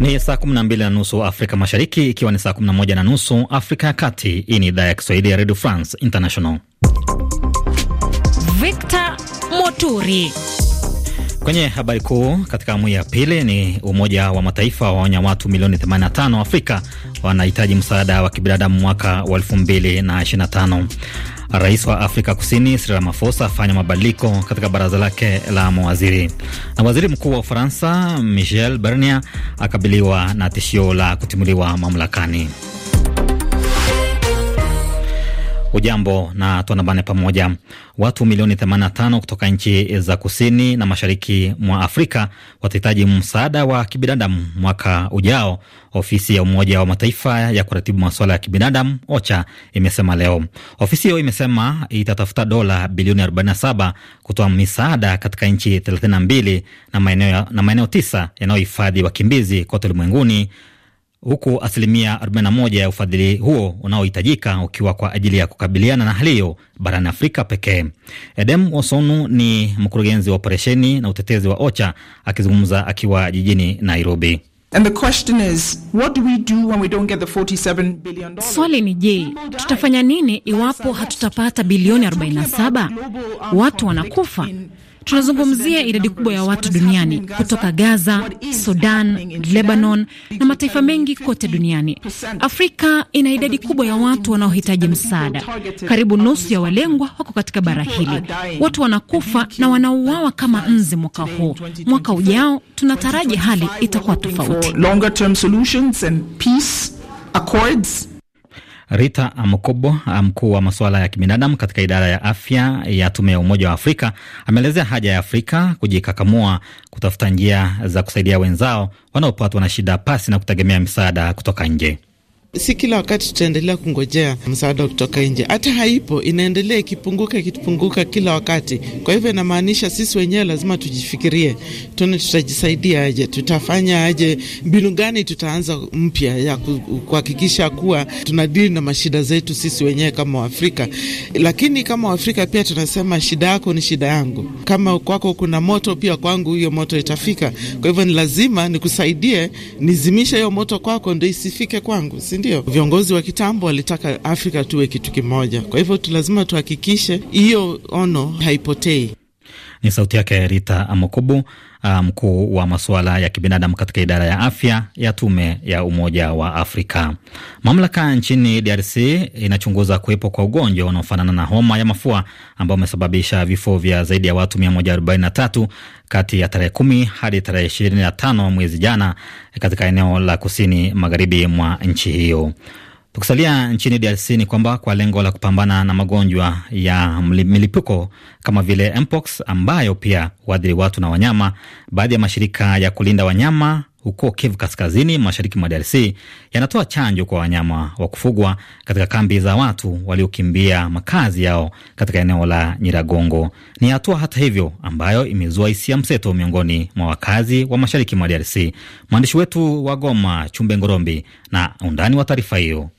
Ni saa 12 na nusu Afrika Mashariki, ikiwa ni saa 11 na nusu Afrika ya Kati. Hii ni idhaa ya Kiswahili ya Redio France International. Victor Moturi Kwenye habari kuu katika awamu ya pili ni Umoja wa Mataifa waonya watu milioni 85 Afrika wanahitaji msaada wa kibinadamu mwaka wa tano. Rais wa Afrika Kusini Cyril Ramaphosa afanya mabadiliko katika baraza lake la mawaziri. Na waziri mkuu wa Ufaransa Michel Barnier akabiliwa na tishio la kutimuliwa mamlakani. Ujambo na tuandamane pamoja. Watu milioni 85 kutoka nchi za kusini na mashariki mwa Afrika watahitaji msaada wa kibinadamu mwaka ujao, ofisi ya Umoja wa Mataifa ya kuratibu masuala ya kibinadamu OCHA imesema leo. Ofisi hiyo imesema itatafuta dola bilioni 47 kutoa misaada katika nchi 32 na maeneo na maeneo tisa yanayohifadhi wakimbizi kote ulimwenguni huku asilimia 41 ya ufadhili huo unaohitajika ukiwa kwa ajili ya kukabiliana na hali hiyo barani Afrika pekee. Edem Wasonu ni mkurugenzi wa operesheni na utetezi wa OCHA akizungumza akiwa jijini Nairobi. Swali ni je, tutafanya nini iwapo hatutapata bilioni 47? Um, Watu wanakufa. Tunazungumzia idadi kubwa ya watu duniani kutoka Gaza, Sudan, Lebanon na mataifa mengi kote duniani. Afrika ina idadi kubwa ya watu wanaohitaji msaada. Karibu nusu ya walengwa wako katika bara hili. Watu wanakufa na wanauawa kama nzi mwaka huu. Mwaka ujao tunataraji hali itakuwa tofauti. Rita Amkobo, mkuu wa masuala ya kibinadamu katika idara ya afya ya tume ya Umoja wa Afrika, ameelezea haja ya Afrika kujikakamua kutafuta njia za kusaidia wenzao wanaopatwa na shida pasi na kutegemea misaada kutoka nje. Si kila wakati tutaendelea kungojea msaada kutoka nje, hata haipo, inaendelea ikipunguka ikipunguka kila wakati. Kwa hivyo inamaanisha sisi wenyewe lazima tujifikirie, tuone tutajisaidia aje, tutafanya aje, mbinu gani tutaanza mpya ya kuhakikisha kuwa tunadili na mashida zetu sisi wenyewe kama Waafrika. Lakini kama Waafrika pia tunasema shida yako ni shida yangu, kama kwako kuna moto, pia kwangu hiyo moto itafika. Kwa hivyo ni lazima nikusaidie nizimishe hiyo moto kwako, ndo isifike kwangu. si sindio? viongozi wa kitambo walitaka Afrika tuwe kitu kimoja. Kwa hivyo lazima tuhakikishe hiyo ono haipotei. Ni sauti yake Rita Amokubu Ah, mkuu wa masuala ya kibinadamu katika idara ya afya ya tume ya Umoja wa Afrika. Mamlaka nchini DRC inachunguza kuwepo kwa ugonjwa unaofanana na homa ya mafua ambao umesababisha vifo vya zaidi ya watu 143 kati ya tarehe 10 hadi tarehe 25 mwezi jana katika eneo la kusini magharibi mwa nchi hiyo. Tukisalia nchini DRC ni kwamba kwa lengo la kupambana na magonjwa ya milipuko kama vile mpox ambayo pia huadhiri watu na wanyama, baadhi ya mashirika ya kulinda wanyama huko Kivu Kaskazini, mashariki mwa DRC yanatoa chanjo kwa wanyama wa kufugwa katika kambi za watu waliokimbia makazi yao katika eneo la Nyiragongo. Ni hatua hata hivyo ambayo imezua hisia mseto miongoni mwa wakazi wa mashariki mwa DRC. Mwandishi wetu wa Goma, Chumbe Ngorombi, na undani wa taarifa hiyo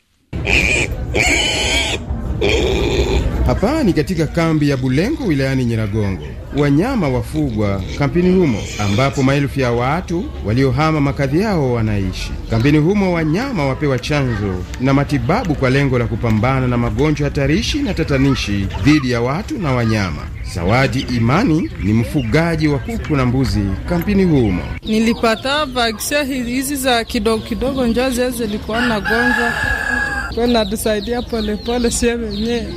hapa ni katika kambi ya Bulengo wilayani Nyiragongo. Wanyama wafugwa kampini humo, ambapo maelfu ya watu waliohama makazi yao wanaishi. Kampini humo wanyama wapewa chanjo na matibabu kwa lengo la kupambana na magonjwa hatarishi na tatanishi dhidi ya watu na wanyama. Zawadi Imani ni mfugaji wa kuku na mbuzi kampini humo. Nilipata vaksia hizi za kidogo kidogo, njoo zilikuwa na gonjwa ko natusaidia polepole, sie wenyewe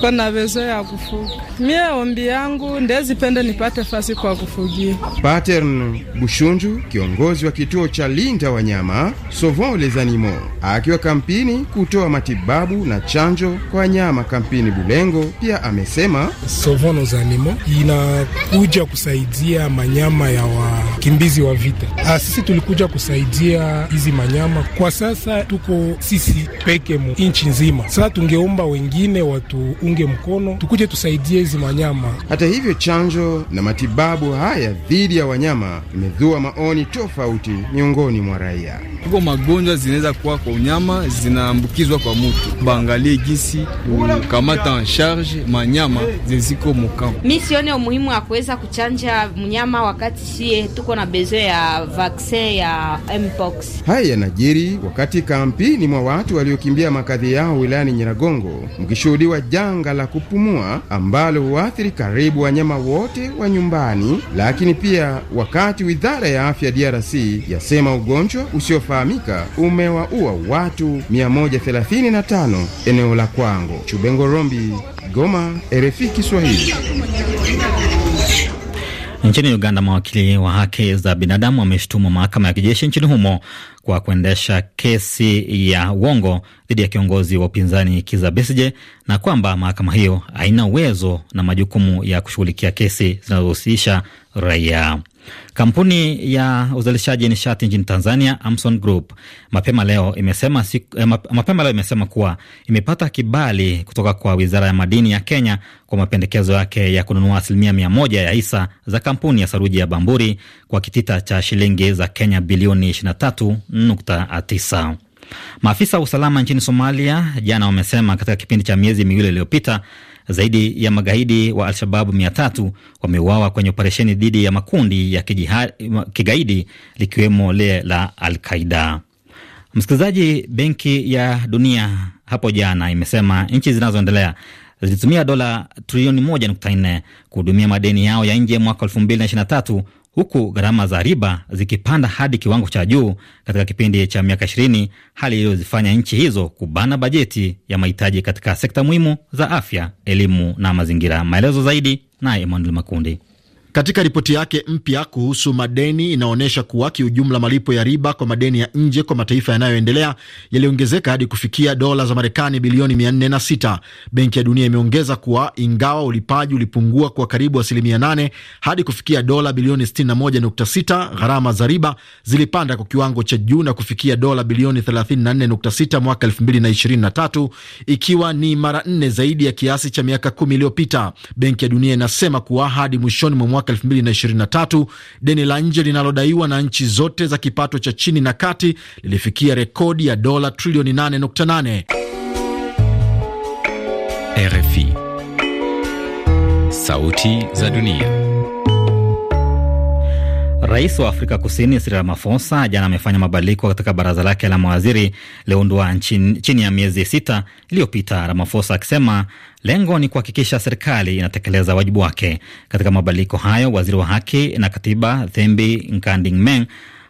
ko ya kufuga. Mie ombi yangu ndezipende nipate fasi kwa kufugia. Patern Bushunju, kiongozi wa kituo cha linda wanyama Sauvons les Animaux, akiwa kampini kutoa matibabu na chanjo kwa wanyama kampini Bulengo, pia amesema Sauvons nos Animaux inakuja kusaidia manyama ya wa wakimbizi wa vita. Ah, sisi tulikuja kusaidia hizi manyama. Kwa sasa tuko sisi peke mu nchi nzima, sasa tungeomba wengine watuunge mkono, tukuje tusaidie hizi manyama. Hata hivyo, chanjo na matibabu haya dhidi ya wanyama imedhua maoni tofauti miongoni mwa raia. tuko magonjwa zinaweza kuwa kwa unyama, zinaambukizwa kwa mutu, baangalie gisi kukamata en charge manyama zeziko mukampo. Mi sione umuhimu wa kuweza kuchanja mnyama wakati sie tuko na besoin ya vaksin ya mpox. Haya yanajiri wakati kampini mwa watu waliokimbia makazi yao wilayani Nyiragongo mkishuhudiwa janga la kupumua ambalo huathiri karibu wanyama wote wa nyumbani, lakini pia wakati wizara ya afya DRC yasema ugonjwa usiofahamika umewaua watu 135 eneo la Kwango. Chubengo Rombi, Goma, RFI Kiswahili. Nchini Uganda, mawakili wa haki za binadamu wameshtumu mahakama ya kijeshi nchini humo kwa kuendesha kesi ya uongo dhidi ya kiongozi wa upinzani Kizza Besigye na kwamba mahakama hiyo haina uwezo na majukumu ya kushughulikia kesi zinazohusisha raia. Kampuni ya uzalishaji nishati nchini Tanzania Amson Group mapema leo imesema siku, eh, mapema leo imesema kuwa imepata kibali kutoka kwa Wizara ya Madini ya Kenya kwa mapendekezo yake ya kununua asilimia mia moja ya hisa za kampuni ya saruji ya Bamburi kwa kitita cha shilingi za Kenya bilioni 23.9. Maafisa wa usalama nchini Somalia jana wamesema katika kipindi cha miezi miwili iliyopita zaidi ya magaidi wa Al-Shababu mia tatu wameuawa kwenye operesheni dhidi ya makundi ya kigaidi likiwemo lile la Al-Qaida. Msikilizaji, Benki ya Dunia hapo jana imesema nchi zinazoendelea zilitumia dola trilioni 1.4 kuhudumia madeni yao ya nje mwaka 2023 huku gharama za riba zikipanda hadi kiwango cha juu katika kipindi cha miaka ishirini, hali iliyozifanya nchi hizo kubana bajeti ya mahitaji katika sekta muhimu za afya, elimu na mazingira. Maelezo zaidi naye Emmanuel Makundi. Katika ripoti yake mpya kuhusu madeni inaonyesha kuwa kiujumla malipo ya riba kwa madeni ya nje kwa mataifa yanayoendelea yaliongezeka hadi kufikia dola za Marekani bilioni 406. Benki ya Dunia imeongeza kuwa ingawa ulipaji ulipungua kwa karibu asilimia 8 hadi kufikia dola bilioni 61.6, gharama za riba zilipanda kwa kiwango cha juu na kufikia dola bilioni 34.6 mwaka 2023, ikiwa ni mara nne zaidi ya kiasi cha miaka kumi iliyopita. Benki ya Dunia inasema kuwa hadi mwishoni mwa mwaka mwaka deni la nje linalodaiwa na nchi zote za kipato cha chini na kati lilifikia rekodi ya dola trilioni 8.8. RFI Sauti za Dunia. Rais wa Afrika Kusini Cyril Ramaphosa jana amefanya mabadiliko katika baraza lake la mawaziri lililoundwa chini ya miezi sita iliyopita, Ramaphosa akisema lengo ni kuhakikisha serikali inatekeleza wajibu wake. Katika mabadiliko hayo, waziri wa haki na katiba Thembi Nkhandimeng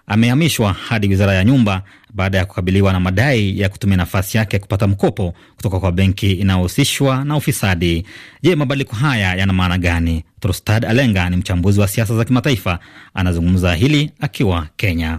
amehamishwa hadi wizara ya nyumba baada ya kukabiliwa na madai ya kutumia nafasi yake ya kupata mkopo kutoka kwa benki inayohusishwa na ufisadi. Je, mabadiliko haya yana maana gani? Trostad Alenga ni mchambuzi wa siasa za kimataifa, anazungumza hili akiwa Kenya.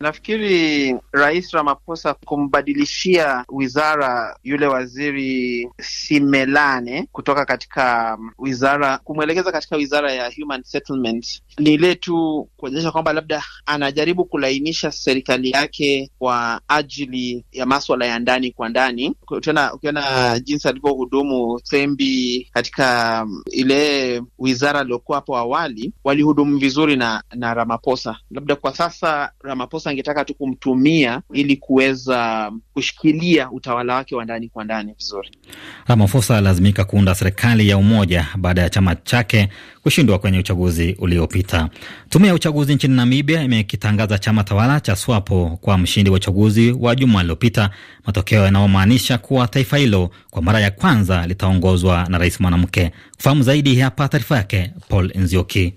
Nafikiri Rais Ramaphosa kumbadilishia wizara yule waziri Simelane kutoka katika um, wizara kumwelekeza katika wizara ya Human Settlement ni ile tu kuonyesha kwamba labda anajaribu kulainisha serikali yake kwa ajili ya maswala ya ndani kwa ndani. Tena ukiona jinsi alivyohudumu Thembi katika um, ile wizara aliyokuwa hapo awali, walihudumu vizuri na na Ramaphosa. Labda kwa sasa Ramaphosa sasa angetaka tu kumtumia ili kuweza kushikilia utawala wake wa ndani kwa ndani vizuri. ramafosa alazimika kuunda serikali ya umoja baada ya chama chake kushindwa kwenye uchaguzi uliopita. Tume ya uchaguzi nchini Namibia imekitangaza chama tawala cha SWAPO kwa mshindi wa uchaguzi wa juma lililopita, matokeo yanayomaanisha kuwa taifa hilo kwa mara ya kwanza litaongozwa na rais mwanamke. Kufahamu zaidi, hapa taarifa yake Paul Nzioki.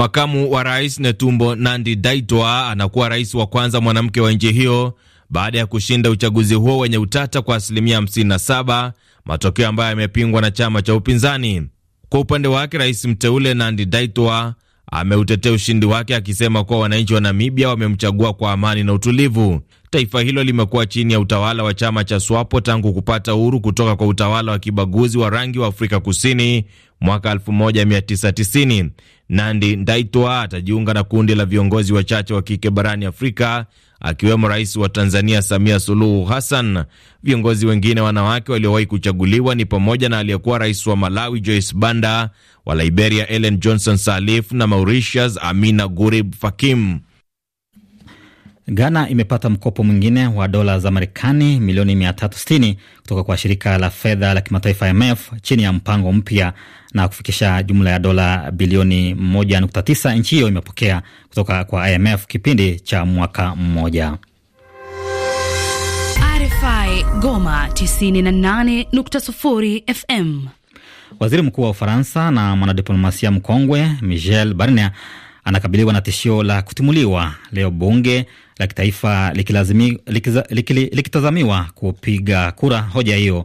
Makamu wa rais Netumbo Nandi Daitwa anakuwa rais wa kwanza mwanamke wa nchi hiyo baada ya kushinda uchaguzi huo wenye utata kwa asilimia 57, matokeo ambayo yamepingwa na chama cha upinzani. Kwa upande wake, rais mteule Nandi Daitwa ameutetea ushindi wake akisema kuwa wananchi wa Namibia wamemchagua kwa amani na utulivu. Taifa hilo limekuwa chini ya utawala wa chama cha SWAPO tangu kupata uhuru kutoka kwa utawala wa kibaguzi wa rangi wa Afrika Kusini mwaka 1990. Nandi Ndaitwa atajiunga na kundi la viongozi wachache wa kike barani Afrika akiwemo rais wa Tanzania Samia Suluhu Hassan. Viongozi wengine wanawake waliowahi kuchaguliwa ni pamoja na aliyekuwa rais wa Malawi Joyce Banda, wa Liberia Ellen Johnson Sirleaf na Mauritius Amina Gurib Fakim. Ghana imepata mkopo mwingine wa dola za Marekani milioni 360 kutoka kwa shirika la fedha la kimataifa IMF chini ya mpango mpya na kufikisha jumla ya dola bilioni 1.9 nchi hiyo imepokea kutoka kwa IMF kipindi cha mwaka mmoja. RFI Goma 98.0 FM. Waziri Mkuu wa Ufaransa na mwanadiplomasia mkongwe Michel Barnier anakabiliwa na tishio la kutimuliwa leo bunge la kitaifa likitazamiwa kupiga kura hoja hiyo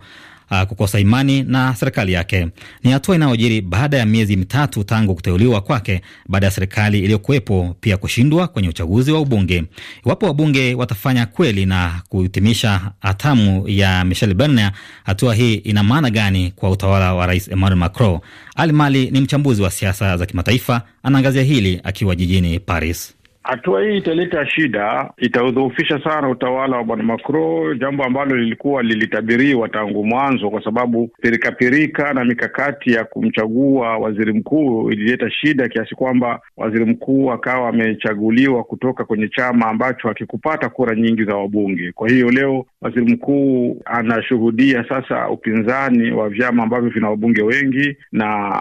Uh, kukosa imani na serikali yake ni hatua inayojiri baada ya miezi mitatu tangu kuteuliwa kwake baada ya serikali iliyokuwepo pia kushindwa kwenye uchaguzi wa ubunge. Iwapo wabunge watafanya kweli na kuhitimisha hatamu ya Michel Barnier, hatua hii ina maana gani kwa utawala wa Rais Emmanuel Macron? Ali Mali ni mchambuzi wa siasa za kimataifa, anaangazia hili akiwa jijini Paris. Hatua hii italeta shida, itaudhoofisha sana utawala wa bwana Macron, jambo ambalo lilikuwa lilitabiriwa tangu mwanzo, kwa sababu pirikapirika na mikakati ya kumchagua waziri mkuu ilileta shida kiasi kwamba waziri mkuu akawa amechaguliwa kutoka kwenye chama ambacho hakikupata kura nyingi za wabunge. Kwa hiyo leo waziri mkuu anashuhudia sasa upinzani wa vyama ambavyo vina wabunge wengi, na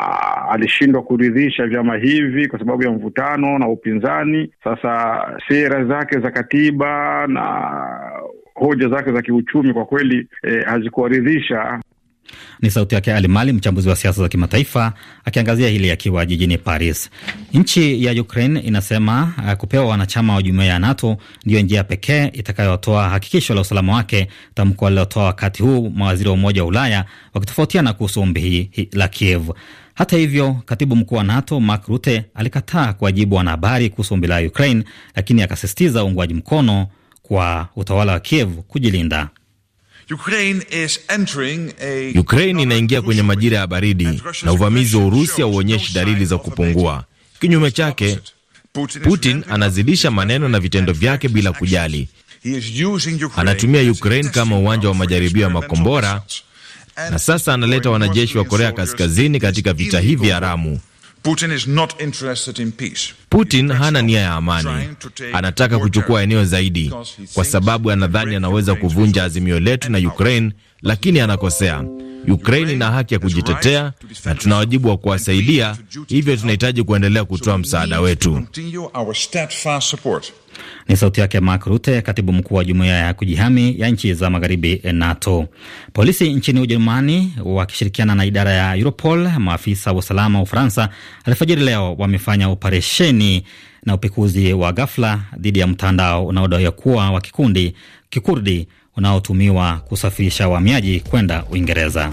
alishindwa kuridhisha vyama hivi kwa sababu ya mvutano na upinzani sasa sasa sera zake za katiba na hoja zake za kiuchumi kwa kweli eh, hazikuwaridhisha ni sauti yake Ali Mali, mchambuzi wa siasa za kimataifa, akiangazia hili akiwa jijini Paris. Nchi ya Ukraine inasema uh, kupewa wanachama wa jumuiya ya NATO ndiyo njia pekee itakayotoa hakikisho la usalama wake, tamko alilotoa wakati huu mawaziri wa Umoja wa Ulaya wakitofautiana kuhusu ombi hii la Kiev. Hata hivyo, katibu mkuu wa NATO Mark Rutte alikataa kuwajibu wanahabari kuhusu ombi la Ukraine, lakini akasisitiza uungwaji mkono kwa utawala wa Kiev kujilinda. Ukraine inaingia kwenye majira ya baridi na uvamizi wa Urusi hauonyeshi dalili za kupungua. Kinyume chake, Putin anazidisha maneno na vitendo vyake bila kujali. Anatumia Ukraine kama uwanja wa majaribio ya makombora, na sasa analeta wanajeshi wa Korea Kaskazini katika vita hivi haramu. Putin, is not interested in peace. Putin hana nia ya amani, anataka kuchukua eneo zaidi, kwa sababu anadhani anaweza kuvunja azimio letu na Ukraine, lakini anakosea. Ukraine ina haki ya kujitetea na tuna wajibu wa kuwasaidia, hivyo tunahitaji kuendelea kutoa msaada wetu. Ni sauti yake Mark Rutte, katibu mkuu wa jumuiya ya kujihami ya nchi za magharibi eh, NATO. Polisi nchini Ujerumani wakishirikiana na idara ya Europol, maafisa wa usalama wa Ufaransa alfajiri leo wamefanya operesheni na upekuzi wa ghafla dhidi ya mtandao unaodaiwa kuwa wa kikundi kikurdi unaotumiwa kusafirisha wahamiaji kwenda Uingereza.